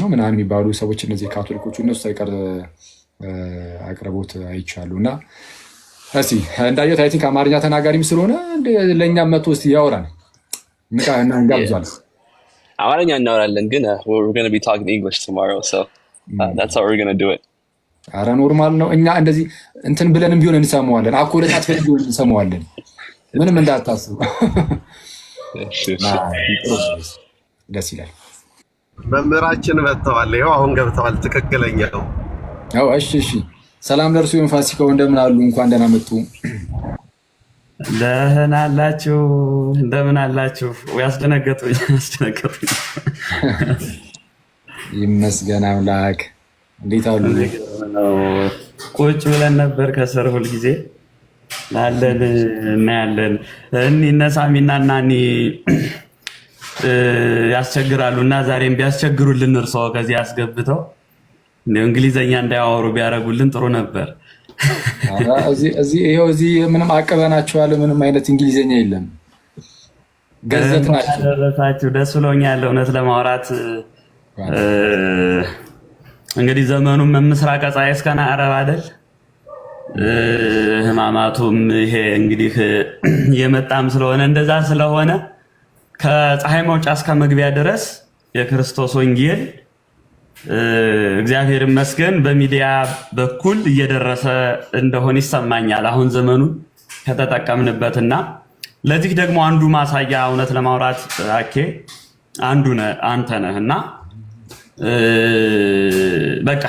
ነው ምናምን የሚባሉ ሰዎች እነዚህ ካቶሊኮቹ እነሱ ሳይቀር አቅርቦት አይቻሉ እና እስኪ እንዳየሁት አይ ቲንክ አማርኛ ተናጋሪም ስለሆነ ለእኛም መቶ ስ ያወራል እንጋብዟል። አማርኛ እናወራለን ግን ኧረ uh, uh, hmm. ኖርማል ነው። እኛ እንደዚህ እንትን ብለንም ቢሆን እንሰማዋለን። አኮለታት ፈ ቢሆን እንሰማዋለን። ምንም እንዳታስቡ። ደስ ይላል። መምህራችን መጥተዋል። ይኸው አሁን ገብተዋል። ትክክለኛ ነው። እሺ፣ እሺ። ሰላም ለእርሱ ይሁን። ፋሲካው እንደምን አሉ? እንኳን ደህና መጡ። ደህና አላችሁ? እንደምን አላችሁ? ያስደነገጡኝ፣ ያስደነገጡኝ። ይመስገን አምላክ። እንዴት አሉ? ቁጭ ብለን ነበር ከስር ሁልጊዜ ናለን እናያለን። እኒ እነ ሳሚና እና ያስቸግራሉ እና ዛሬም ቢያስቸግሩልን እርስዎ ከዚህ ያስገብተው እንግሊዘኛ እንዳያወሩ ቢያደርጉልን ጥሩ ነበር። ይኸው እዚህ ምንም አቅበናችኋል። ምንም አይነት እንግሊዘኛ የለም። ገዘት ናቸው ደስ ብሎኛል እውነት ለማውራት እንግዲህ ዘመኑም ምስራቀ ፀሐይ እስከ ምዕራብ አይደል? ህማማቱም ይሄ እንግዲህ የመጣም ስለሆነ እንደዛ ስለሆነ ከፀሐይ መውጫ እስከ መግቢያ ድረስ የክርስቶስ ወንጌል እግዚአብሔር ይመስገን በሚዲያ በኩል እየደረሰ እንደሆነ ይሰማኛል። አሁን ዘመኑ ከተጠቀምንበትና ለዚህ ደግሞ አንዱ ማሳያ እውነት ለማውራት አኬ አንዱ አንተ ነህ እና በቃ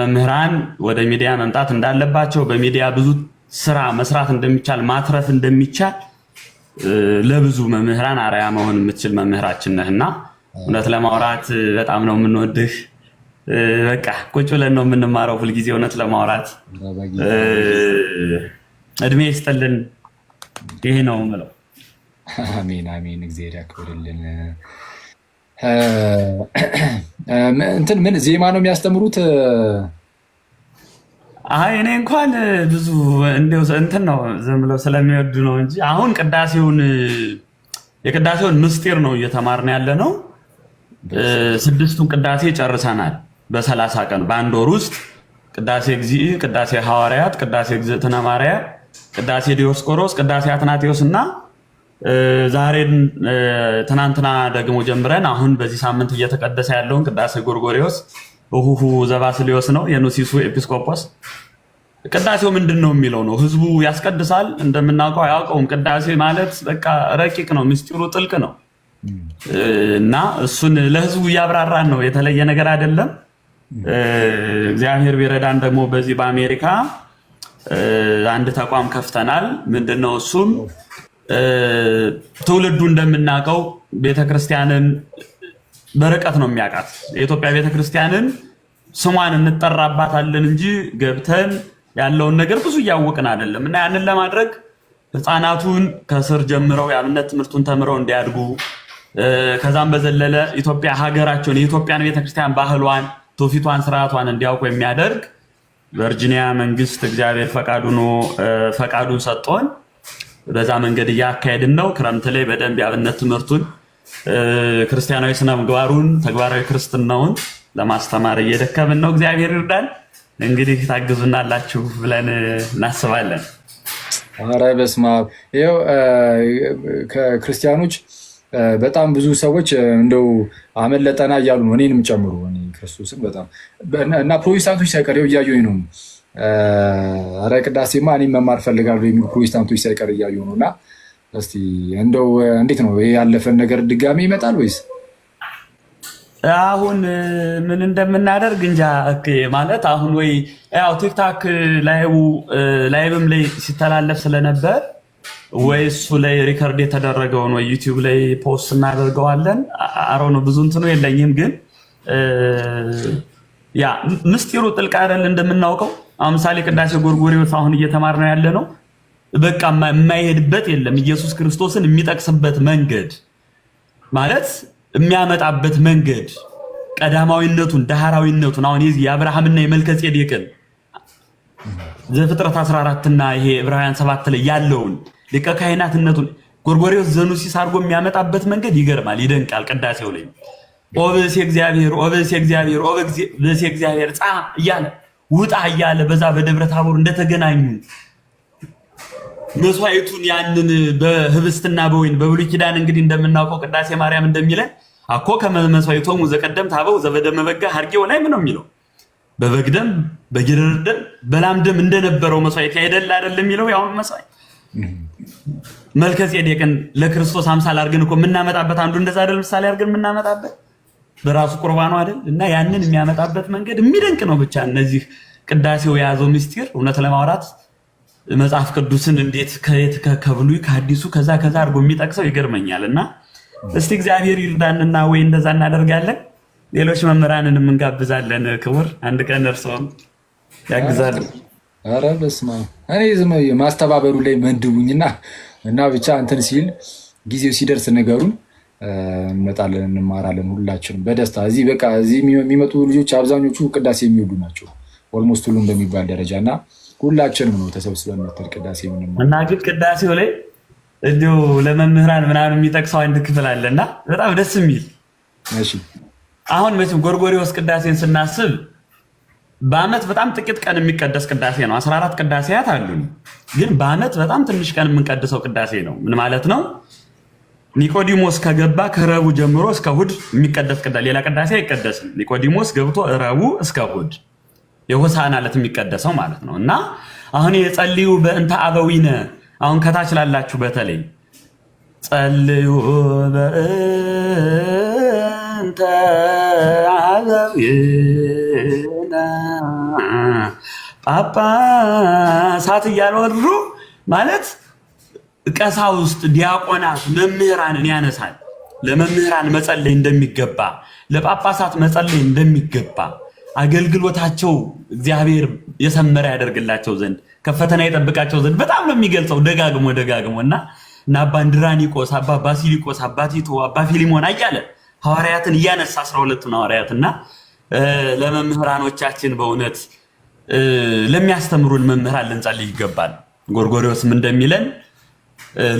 መምህራን ወደ ሚዲያ መምጣት እንዳለባቸው በሚዲያ ብዙ ስራ መስራት እንደሚቻል ማትረፍ እንደሚቻል ለብዙ መምህራን አርያ መሆን የምትችል መምህራችን ነህ እና እውነት ለማውራት በጣም ነው የምንወድህ። በቃ ቁጭ ብለን ነው የምንማረው ሁልጊዜ እውነት ለማውራት እድሜ ይስጥልን። ይሄ ነው የምለው። አሜን አሜን። እግዚአብሔር ያክብርልን። እንትን ምን ዜማ ነው የሚያስተምሩት? አይ እኔ እንኳን ብዙ እንደው እንትን ነው ዝም ብለው ስለሚወዱ ነው እንጂ አሁን ቅዳሴውን የቅዳሴውን ምስጢር ነው እየተማርን ያለ ነው። ስድስቱን ቅዳሴ ጨርሰናል። በሰላሳ ቀን በአንድ ወር ውስጥ ቅዳሴ እግዚእ፣ ቅዳሴ ሐዋርያት፣ ቅዳሴ እግዝእትነ ማርያም፣ ቅዳሴ ዲዮስቆሮስ፣ ቅዳሴ አትናቴዎስ እና ዛሬን ትናንትና ደግሞ ጀምረን አሁን በዚህ ሳምንት እየተቀደሰ ያለውን ቅዳሴ ጎርጎሪዎስ ሁሁ ዘባስልዮስ ነው የኑሲሱ ኤጲስቆጶስ። ቅዳሴው ምንድን ነው የሚለው ነው። ህዝቡ ያስቀድሳል። እንደምናውቀው አያውቀውም። ቅዳሴ ማለት በቃ ረቂቅ ነው፣ ምስጢሩ ጥልቅ ነው እና እሱን ለህዝቡ እያብራራን ነው። የተለየ ነገር አይደለም። እግዚአብሔር ቢረዳን ደግሞ በዚህ በአሜሪካ አንድ ተቋም ከፍተናል። ምንድን ነው እሱም ትውልዱ እንደምናውቀው ቤተክርስቲያንን በርቀት ነው የሚያውቃት። የኢትዮጵያ ቤተክርስቲያንን ስሟን እንጠራባታለን እንጂ ገብተን ያለውን ነገር ብዙ እያወቅን አይደለም። እና ያንን ለማድረግ ህፃናቱን ከስር ጀምረው የአብነት ትምህርቱን ተምረው እንዲያድጉ ከዛም በዘለለ ኢትዮጵያ ሀገራቸውን የኢትዮጵያን ቤተክርስቲያን ባህሏን፣ ትውፊቷን፣ ስርዓቷን እንዲያውቁ የሚያደርግ ቨርጂኒያ መንግስት እግዚአብሔር ፈቃዱ ኖ ፈቃዱን ሰጥቶን በዛ መንገድ እያካሄድን ነው። ክረምት ላይ በደንብ የአብነት ትምህርቱን ክርስቲያናዊ ስነ ምግባሩን ተግባራዊ ክርስትናውን ለማስተማር እየደከምን ነው። እግዚአብሔር ይርዳን። እንግዲህ ታግዙናላችሁ ብለን እናስባለን። አረ በስመ አብ! ይኸው ከክርስቲያኖች በጣም ብዙ ሰዎች እንደው አመለጠና እያሉ ነው፣ እኔንም ጨምሮ ክርስቶስን በጣም እና ፕሮቴስታንቶች ሳይቀር ይኸው እያየሁኝ ነው። ኧረ ቅዳሴማ እኔም መማር ፈልጋሉ የሚሉ ፕሮቴስታንቶች ሳይቀር እያየሁ ነው እና እስቲ እንደው እንዴት ነው ያለፈን ነገር ድጋሚ ይመጣል ወይስ አሁን ምን እንደምናደርግ እንጃ። ማለት አሁን ወይ ያው ቲክታክ ላይብም ላይ ሲተላለፍ ስለነበር ወይ እሱ ላይ ሪከርድ የተደረገውን ወይ ዩቲዩብ ላይ ፖስት እናደርገዋለን። አሮ ነው ብዙ እንትኑ የለኝም፣ ግን ያ ምስጢሩ ጥልቅ አይደል እንደምናውቀው። አሁን ምሳሌ ቅዳሴ ጎርጎሪዎስ አሁን እየተማር ነው ያለ ነው በቃ የማይሄድበት የለም። ኢየሱስ ክርስቶስን የሚጠቅስበት መንገድ ማለት የሚያመጣበት መንገድ ቀዳማዊነቱን ዳህራዊነቱን አሁን የዚህ የአብርሃምና የመልከ ዘፍጥረት 14 እና ይሄ ዕብራውያን 7 ላይ ያለውን ሊቀ ካህናትነቱን ጎርጎሬዎስ ዘኑሲስ አድርጎ የሚያመጣበት መንገድ ይገርማል፣ ይደንቃል። ቅዳሴው ላይ ኦብስ ብእሴ እግዚአብሔር፣ ኦ እግዚአብሔር፣ እግዚአብሔር፣ ጻ እያለ ውጣ እያለ በዛ በደብረ ታቦር እንደተገናኙ መስዋዕቱን ያንን በህብስትና በወይን በብሉይ ኪዳን እንግዲህ እንደምናውቀው ቅዳሴ ማርያም እንደሚለን አኮ ከመስዋዕቶሙ ዘቀደምት ኀበው ዘበደመ በጋ ሀርጌ ወላይም ነው የሚለው በበግ ደም በጊደር ደም በላም ደም እንደነበረው መስዋዕት ያይደል አይደል የሚለው ያው መስዋዕት መልከ ጼዴቅን ለክርስቶስ አምሳል አድርገን እኮ የምናመጣበት አንዱ እንደዛ አይደል ምሳሌ አድርገን የምናመጣበት በራሱ ቁርባኑ አይደል እና ያንን የሚያመጣበት መንገድ የሚደንቅ ነው ብቻ እነዚህ ቅዳሴው የያዘው ምስጢር እውነት ለማውራት መጽሐፍ ቅዱስን እንዴት ከየት ከብሉይ ከአዲሱ ከዛ ከዛ አድርጎ የሚጠቅሰው ይገርመኛል። እና እስቲ እግዚአብሔር ይርዳንና ወይ እንደዛ እናደርጋለን። ሌሎች መምህራንን እንጋብዛለን። ክቡር አንድ ቀን እርስዎም ያግዛሉ። ኧረ በስመ አብ እኔ ማስተባበሩ ላይ መንድቡኝና እና ብቻ እንትን ሲል ጊዜው ሲደርስ ንገሩን፣ እንመጣለን፣ እንማራለን ሁላችንም በደስታ እዚህ በቃ እዚህ የሚመጡ ልጆች አብዛኞቹ ቅዳሴ የሚውሉ ናቸው ኦልሞስት ሁሉም በሚባል ደረጃ እና ሁላችንም ነው ተሰብስበን ምትል ቅዳሴ እና ግን ቅዳሴው ላይ እንዲሁ ለመምህራን ምናምን የሚጠቅሰው አንድ ክፍል አለ እና በጣም ደስ የሚል አሁን መቼም ጎርጎሪዎስ ቅዳሴን ስናስብ በአመት በጣም ጥቂት ቀን የሚቀደስ ቅዳሴ ነው። 14 ቅዳሴያት አሉ። ግን በአመት በጣም ትንሽ ቀን የምንቀድሰው ቅዳሴ ነው። ምን ማለት ነው? ኒቆዲሞስ ከገባ ከረቡ ጀምሮ እስከ እሑድ የሚቀደስ ሌላ ቅዳሴ አይቀደስም። ኒቆዲሞስ ገብቶ ረቡ እስከ እሑድ የሆሳዕና ዕለት የሚቀደሰው ማለት ነው። እና አሁን የጸልዩ በእንተ አበዊነ አሁን ከታች ላላችሁ በተለይ ጸልዩ በእንተ አበዊነ ጳጳሳት እያልወሩ ማለት ቀሳውስት፣ ዲያቆናት፣ መምህራንን ያነሳል። ለመምህራን መጸለይ እንደሚገባ፣ ለጳጳሳት መጸለይ እንደሚገባ አገልግሎታቸው እግዚአብሔር የሰመረ ያደርግላቸው ዘንድ ከፈተና የጠብቃቸው ዘንድ በጣም ነው የሚገልጸው ደጋግሞ ደጋግሞ እና እና አባ እንድራኒቆስ፣ አባ ባሲሊቆስ፣ አባ ቲቶ፣ አባ ፊሊሞን አያለ ሐዋርያትን እያነሳ አስራ ሁለቱን ሐዋርያት እና ለመምህራኖቻችን በእውነት ለሚያስተምሩን መምህራን ልንጸልይ ይገባል። ጎርጎሪዎስም እንደሚለን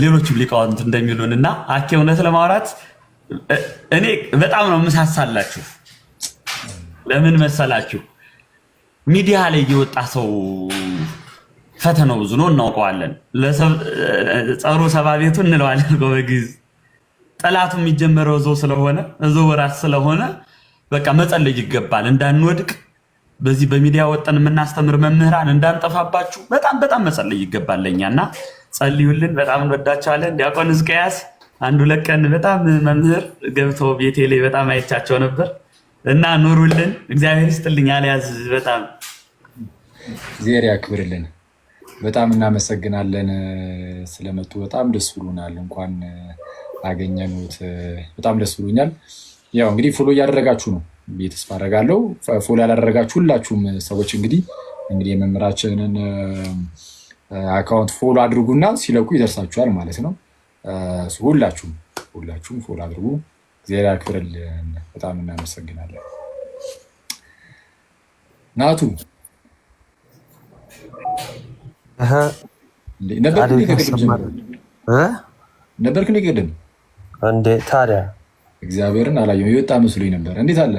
ሌሎችም ሊቃውንት እንደሚሉን እና አኬ እውነት ለማውራት እኔ በጣም ነው ምሳሳላችሁ ለምን መሰላችሁ? ሚዲያ ላይ የወጣ ሰው ፈተነው ብዙ ነው፣ እናውቀዋለን። ጸሩ ሰባ ቤቱ እንለዋለን እኮ ጠላቱ የሚጀመረው እዞ ስለሆነ እዞ ወራት ስለሆነ በቃ መጸለይ ይገባል እንዳንወድቅ በዚህ በሚዲያ ወጠን የምናስተምር መምህራን እንዳንጠፋባችሁ በጣም በጣም መጸለይ ይገባል። ለኛ እና ጸልዩልን፣ በጣም እንወዳቸዋለን። ዲያቆን ሕዝቅያስ አንዱ ለቀን በጣም መምህር ገብተው ቤቴ ላይ በጣም አይቻቸው ነበር። እና ኑሩልን። እግዚአብሔር ይስጥልኝ። አልያዝ በጣም እግዚአብሔር ያክብርልን። በጣም እናመሰግናለን ስለመጡ። በጣም ደስ ብሎናል። እንኳን አገኘኑት። በጣም ደስ ብሎኛል። ያው እንግዲህ ፎሎ እያደረጋችሁ ነው ቤተስፋ አደርጋለሁ። ፎሎ ያላደረጋችሁ ሁላችሁም ሰዎች እንግዲህ እንግዲህ የመምህራችንን አካውንት ፎሎ አድርጉና ሲለቁ ይደርሳችኋል ማለት ነው። ሁላችሁም ሁላችሁም ፎሎ አድርጉ። እግዚአብሔር ያክብርልን። በጣም እናመሰግናለን። ናቱ ነበርክ እንደ ቅድም እንዴ? ታዲያ እግዚአብሔርን አላየሁም የወጣ መስሎኝ ነበር። እንዴት አለ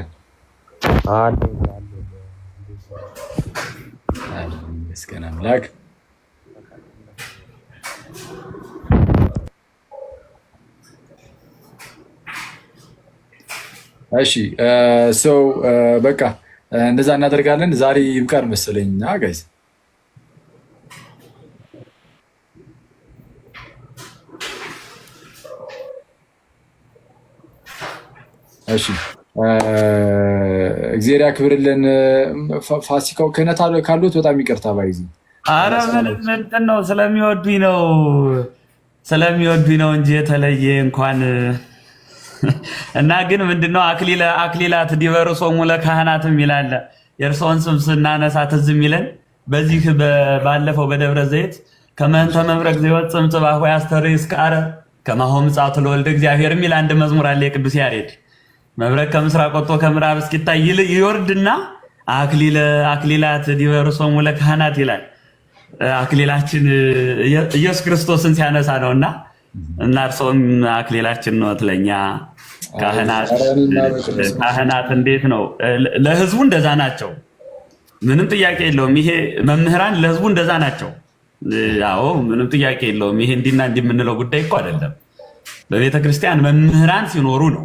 መስገን አምላክ እሺ ሰው በቃ እንደዛ እናደርጋለን። ዛሬ ይብቃል መሰለኝ ጋይዝ። እሺ እግዚአብሔር ያክብርልን። ፋሲካው ክህነት ካሉት በጣም ይቅርታ ባይዚ። አረ ምንም ነው ስለሚወዱኝ ነው ስለሚወዱኝ ነው እንጂ የተለየ እንኳን እና ግን ምንድነው አክሊላት ዲበርሶሙ ለካህናትም ይላል። የእርሰውን ስም ስናነሳ ትዝ የሚለን በዚህ ባለፈው በደብረ ዘይት ከመንተ መብረቅ ዘይወፅም ሆይ አስተሪ እስከአረ ከማሆም ጻቱ ለወልደ እግዚአብሔር የሚል አንድ መዝሙር አለ የቅዱስ ያሬድ። መብረቅ ከምስራቅ ወጥቶ ከምዕራብ እስኪታይ ይወርድና አክሊለ አክሊላት ዲበርሶሙ ለካህናት ይላል። አክሊላችን ኢየሱስ ክርስቶስን ሲያነሳ ነውና እና እርሶም አክሊላችን ነው ለኛ ካህናት እንዴት ነው? ለህዝቡ እንደዛ ናቸው። ምንም ጥያቄ የለውም። ይሄ መምህራን ለህዝቡ እንደዛ ናቸው። አዎ ምንም ጥያቄ የለውም። ይሄ እንዲና እንዲህ የምንለው ጉዳይ እኮ አይደለም። በቤተ ክርስቲያን መምህራን ሲኖሩ ነው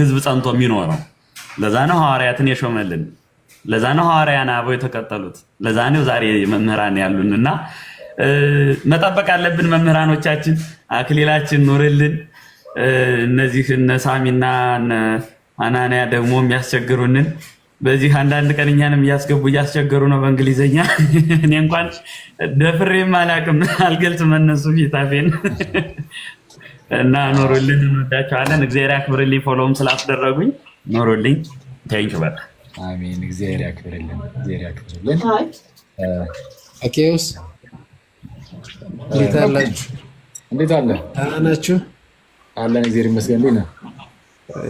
ህዝብ ጸንቶ የሚኖረው። ለዛ ነው ሐዋርያትን የሾመልን። ለዛ ነው ሐዋርያን አበው የተቀጠሉት። ለዛ ነው ዛሬ መምህራን ያሉን እና መጠበቅ አለብን። መምህራኖቻችን አክሊላችን ኑርልን። እነዚህ እነ ሳሚና አናንያ ደግሞ የሚያስቸግሩንን በዚህ አንዳንድ ቀን እኛንም እያስገቡ እያስቸገሩ ነው በእንግሊዝኛ። እኔ እንኳን ደፍሬም አላቅም አልገልጽ መነሱ ፊታፌን እና ኖሩልን፣ እንወዳቸዋለን። እግዚአብሔር ያክብርልኝ። ፎሎም ስላስደረጉኝ ኖሩልኝ። ታንክ በጣም አሜን። እግዚአብሔር ያክብርልን፣ እግዚአብሔር ያክብርልን። ኦኬ ውስ እንዴት አላችሁ? እንዴት አለ? ደህና ናችሁ? አለን እግዚአብሔር ይመስገን።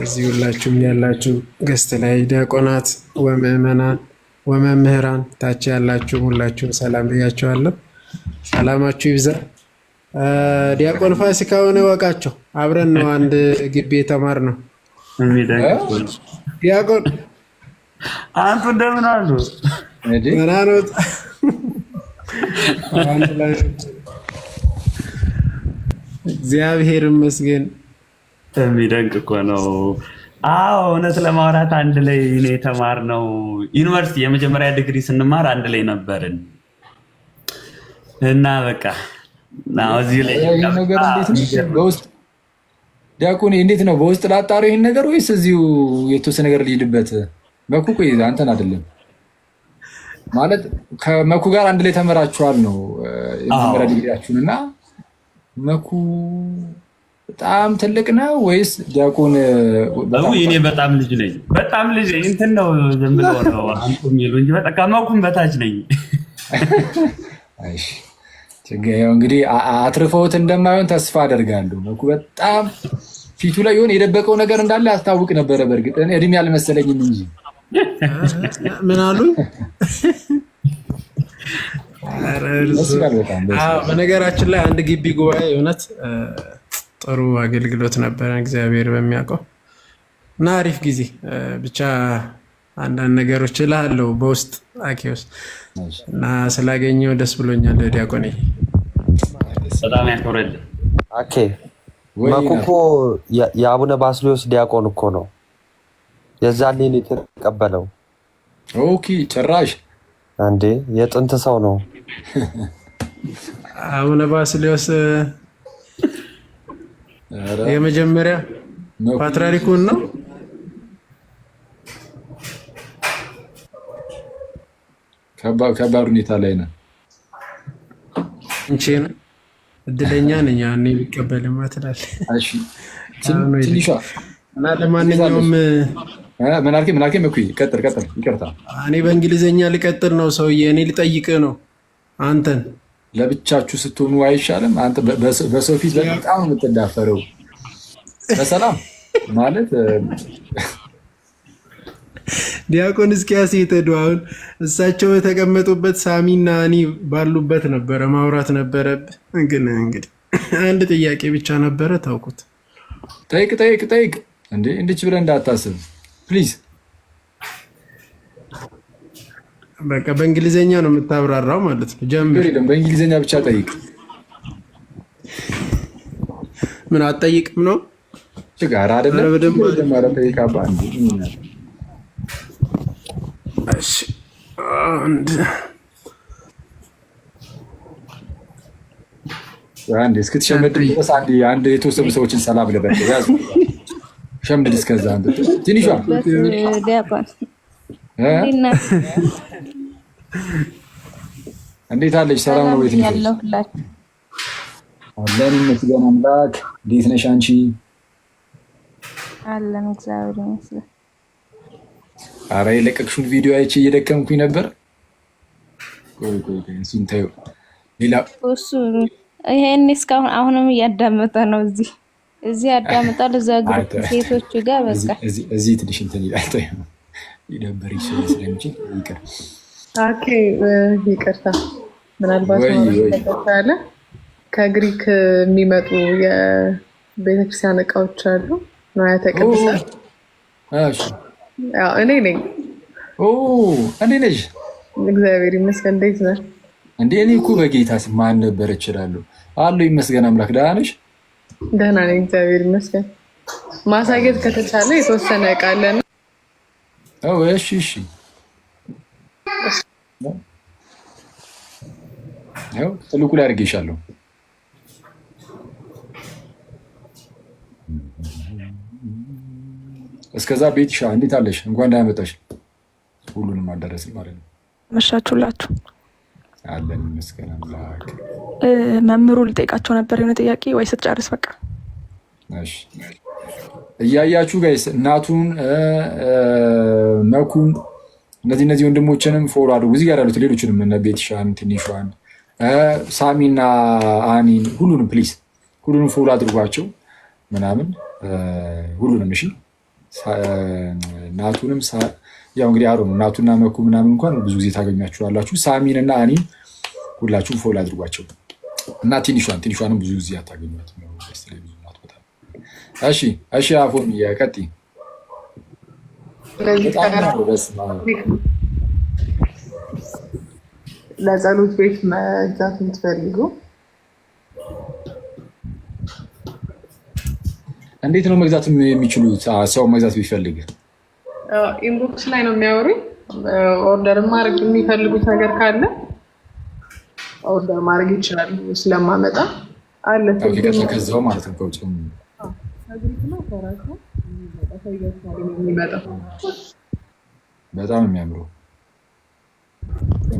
እዚህ ሁላችሁም ያላችሁ ገስት ላይ ዲያቆናት ወምዕመናን ወመምህራን ታች ያላችሁ ሁላችሁም ሰላም ብያችኋለሁ። ሰላማችሁ ይብዛ። ዲያቆን ፋሲካውን እወቃቸው። አብረን ነው አንድ ግቢ የተማርነው። ዲያቆን አንቱ እንደምን አሉ? እግዚአብሔር ይመስገን። የሚደንቅ እኮ ነው። አዎ እውነት ለማውራት አንድ ላይ ነው ዩኒቨርሲቲ የመጀመሪያ ዲግሪ ስንማር አንድ ላይ ነበርን እና በቃ እዚህ ላይ ዲያቆን እንዴት ነው በውስጥ ላጣሩ ይህን ነገር ወይስ እዚሁ የተወሰነ ነገር ልሂድበት በኩ አንተን አይደለም ማለት ከመኩ ጋር አንድ ላይ ተመራችኋል ነው የመጀመሪያ ዲግሪያችሁን እና መኩ በጣም ትልቅ ነው ወይስ ዲያቆን? እኔ በጣም ልጅ ነኝ። በጣም ልጅ ነኝ። እንትን ነው ዝም ብለው አንቱ የሚሉ እንጂ ከመኩም በታች ነኝ። ችግው እንግዲህ አትርፈውት እንደማይሆን ተስፋ አደርጋለሁ። መኩ በጣም ፊቱ ላይ የሆነ የደበቀው ነገር እንዳለ ያስታውቅ ነበረ። በእርግጥ እድሜ አልመሰለኝም እንጂ ምን አሉ? በነገራችን ላይ አንድ ግቢ ጉባኤ እውነት ጥሩ አገልግሎት ነበረ፣ እግዚአብሔር በሚያውቀው እና አሪፍ ጊዜ ብቻ። አንዳንድ ነገሮች እልሃለሁ በውስጥ አኬውስ እና ስላገኘው ደስ ብሎኛል። ዲያቆኔ በጣም ያኮረል። የአቡነ ባስልዮስ ዲያቆን እኮ ነው። የዛኔ ነው የተቀበለው። ኦኬ ጭራሽ አንዴ የጥንት ሰው ነው አቡነ ባስልዮስ የመጀመሪያ ፓትርያርኩን ነው። ከባድ ሁኔታ ላይ ነን። እንቼ እድለኛ ነኝ ያኔ ቢቀበልማ ትላለህ እና ለማንኛውም ምናልኬ ምናልኬ መኩይ ቀጥል ቀጥል። ይቅርታ እኔ በእንግሊዝኛ ልቀጥል ነው ሰውዬ። እኔ ልጠይቅ ነው አንተን ለብቻችሁ ስትሆኑ አይሻልም? አንተ በሰው ፊት በጣም የምትዳፈረው በሰላም ማለት ዲያቆን እስኪያስ የተዱ አሁን እሳቸው የተቀመጡበት ሳሚና እኔ ባሉበት ነበረ ማውራት ነበረብህ። ግን እንግዲህ አንድ ጥያቄ ብቻ ነበረ። ታውቁት ጠይቅ ጠይቅ ጠይቅ እንዴ እንድች እንዳታስብ ፕሊዝ። በቃ በእንግሊዘኛ ነው የምታብራራው ማለት ነው። ጀምር። በእንግሊዘኛ ብቻ ጠይቅ። ምን አትጠይቅም ነው ጋር አይደለም። አንድ እስክትሸመድ ድረስ አንድ የተወሰኑ ሰዎችን ሰላም ልበል። ሸምድድ እስከዛ ትንሿ እንዴት አለች? ሰላም ነው ቤት አለን። መስገን አምላክ እንዴት ነሽ አንቺ? አለን እግዚአብሔር ይመስገን። አረ የለቀቅሽውን ቪዲዮ አይቼ እየደከምኩኝ ነበር። እሱን ተይው። ሌላ እሱ ይሄን እስካሁን አሁንም እያዳመጠ ነው እዚህ እዚህ አዳምጣል እዛ ግሩፕ ሴቶቹ ጋር በቃ እዚህ ትንሽ እንትን ይላል ሊደበር ይችላል ስለሚችል ይቅር ይቅርታ። ምናልባት ከግሪክ የሚመጡ የቤተክርስቲያን እቃዎች አሉ። ንዋያተ ቅድሳት እኔ ነኝ። እንዴት ነሽ? እግዚአብሔር ይመስገን። እንዴት ነህ? እንዴ እኔ እኮ በጌታ ማን ነበር እችላለሁ አሉ። ይመስገን አምላክ ደህና ነሽ? ደህና ነኝ፣ እግዚአብሔር ይመስገን። ማሳየት ከተቻለ የተወሰነ እቃ አለና። እሺ፣ እሺ፣ ያው ትልቁ ላይ አድርጌሻለሁ። እስከዛ ሻ እንዴት አለሽ? እንኳን ደህና መጣሽ። ሁሉንም አልደረስም ማለት ነው። መሻችሁላችሁ? አለን፣ ይመስገን አምላክ መምህሩ ልጠይቃቸው ነበር የሆነ ጥያቄ ወይ ስትጨርስ በቃ እያያችሁ ጋይስ እናቱን መኩን እነዚህ እነዚህ ወንድሞችንም ፎሎ አድርጉ። እዚህ ጋር ያሉት ሌሎችንም እነ ቤትሻን ትንሿን፣ ሳሚና አኒን ሁሉንም ፕሊስ ሁሉንም ፎሎ አድርጓቸው ምናምን ሁሉንም እሺ። እናቱንም ያው እንግዲህ አሮ ነው እናቱና መኩ ምናምን እንኳን ብዙ ጊዜ ታገኛችኋላችሁ። ሳሚን እና አኒን ሁላችሁም ፎሎ አድርጓቸው። እና ትንሿን ትንሿንም ብዙ ጊዜ አታገኟት። እሺ እሺ፣ አፎን ቀጥይ። ለጸሎት ቤት መግዛት የምትፈልጉ እንዴት ነው መግዛት የሚችሉት? ሰው መግዛት ቢፈልግ ኢንቦክስ ላይ ነው የሚያወሩኝ። ኦርደር ማድረግ የሚፈልጉት ነገር ካለ ኦርደር ማድረግ ይችላሉ። ስለማመጣ አለ ከዛው ማለት ነው ከውጭ በጣም የሚያምረው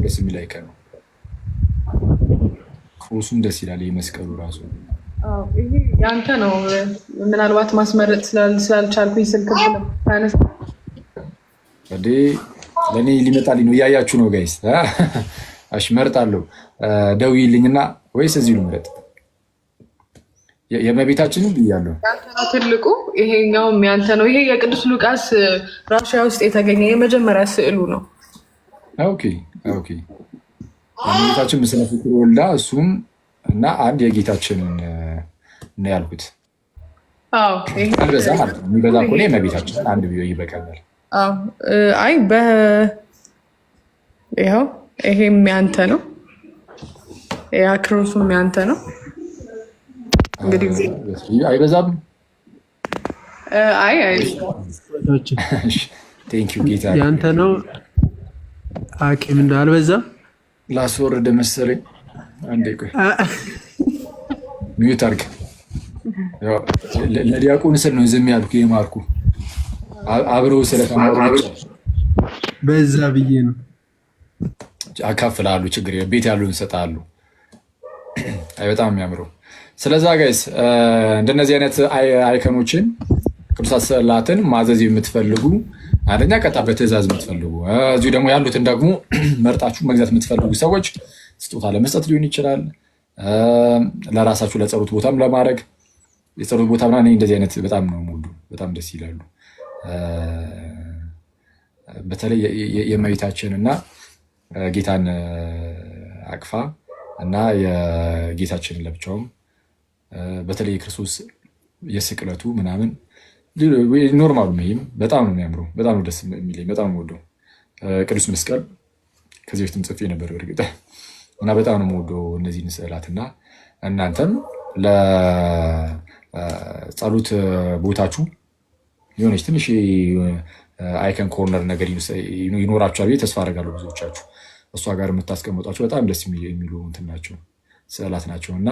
ደስ የሚል አይከ ነው። ቁሱም ደስ ይላል። የመስቀሉ ራሱ ይሄ ያንተ ነው። ምናልባት ማስመረጥ ስላልቻልኩኝ ስልክ ታነስ ለእኔ ሊመጣልኝ ነው። እያያችሁ ነው ጋይስ እሺ እመርጣለሁ። ደውዪልኝና ወይስ እዚሁ ልምረጥ? የእመቤታችንን ብያለሁ። ትልቁ ይሄኛውም ያንተ ነው። ይሄ የቅዱስ ሉቃስ ራሽያ ውስጥ የተገኘ የመጀመሪያ ስዕሉ ነው። ኦኬ ኦኬ። እመቤታችን ምስለ ፍቁር ወልዳ እሱም እና አንድ የጌታችንን ነው ያልኩት። በዛ ማለት ነው። የሚበዛ ከሆነ የእመቤታችን አንድ ቢሆን ይበቃናል። አይ ይኸው ይሄም ያንተ ነው። የአክሮሱም ያንተ ነው። እንግዲህ አይበዛም። ያንተ ነው። ሐኪም እንደ አልበዛም። ላስወርደ መሰለኝ። አንዴ ቆይ፣ ሚዩት አድርግ። ለዲያቆን ስል ነው ዝም ያልኩ። የማርኩ አብረው ስለተማሩ በዛ ብዬ ነው። ያካፍላሉ። ችግር ቤት ያሉ እንሰጣሉ። አይ በጣም የሚያምሩ ስለዛ ጋይስ እንደነዚህ አይነት አይከኖችን ቅዱሳት ስዕላትን ማዘዝ የምትፈልጉ አንደኛ ቀጣ በትዕዛዝ የምትፈልጉ እዚሁ ደግሞ ያሉትን ደግሞ መርጣችሁ መግዛት የምትፈልጉ ሰዎች ስጦታ ለመስጠት ሊሆን ይችላል። ለራሳችሁ ለጸሎት ቦታም ለማድረግ የጸሎት ቦታ ምና እንደዚህ አይነት በጣም ነው ሙሉ በጣም ደስ ይላሉ። በተለይ የእመቤታችን እና ጌታን አቅፋ እና የጌታችንን ለብቻውም በተለይ የክርስቶስ የስቅለቱ ምናምን ኖርማሉ ይህም በጣም ነው የሚያምሩ በጣም ነው ደስ የሚለኝ። በጣም ነው ወደው ቅዱስ መስቀል ከዚህ በፊትም ጽፌ ነበር እርግጠ እና በጣም ነው የምወደው እነዚህን ስዕላት እና እናንተም ለጸሎት ቦታችሁ የሆነች ትንሽ አይከን ኮርነር ነገር ይኖራችኋል ተስፋ አደርጋለሁ ብዙዎቻችሁ እሷ ጋር የምታስቀምጧቸው በጣም ደስ የሚሉ እንትን ናቸው፣ ስዕላት ናቸው እና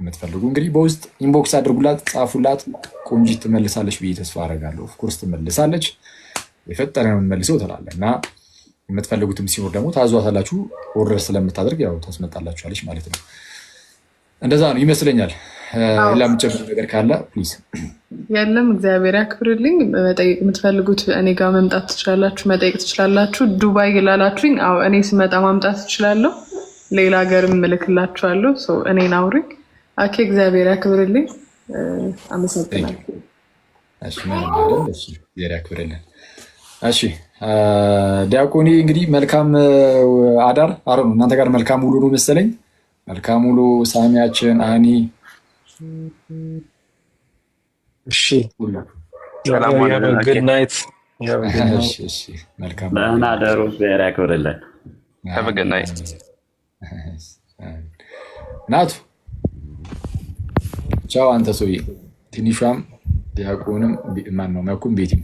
የምትፈልጉ እንግዲህ በውስጥ ኢንቦክስ አድርጉላት፣ ጻፉላት። ቆንጂት ትመልሳለች ብዬ ተስፋ አደርጋለሁ። ኦፍኮርስ ትመልሳለች። የፈጠነ ነው የምንመልሰው ትላለ እና የምትፈልጉትም ሲኖር ደግሞ ታዟታላችሁ። ኦርደር ስለምታደርግ ያው ታስመጣላችኋለች ማለት ነው። እንደዛ ነው ይመስለኛል። ሌላ የምትጨምሩት ነገር ካለ ፕሊዝ የለም እግዚአብሔር ያክብርልኝ። መጠየቅ የምትፈልጉት እኔ ጋር መምጣት ትችላላችሁ፣ መጠየቅ ትችላላችሁ። ዱባይ ይላላችሁኝ፣ አዎ እኔ ስመጣ ማምጣት ትችላለሁ ሌላ ሀገርም እልክላችኋለሁ። እኔን አውሪኝ። አኬ እግዚአብሔር ያክብርልኝ። አመሰግናለሁ። እሺ ዲያቆኒ እንግዲህ መልካም አዳር አረ እናንተ ጋር መልካም ሙሉ ነው መሰለኝ። መልካም ውሎ ሳሚያችን አኒ እሺ ጉድ ናይት። ደህና ደሩ። ብሔር ያክብርልን። ጉድ ናይት ናቱ። ቻው አንተ ሰውዬ። ትንሿም ዲያቆንም ማነው መኩም ቤቲም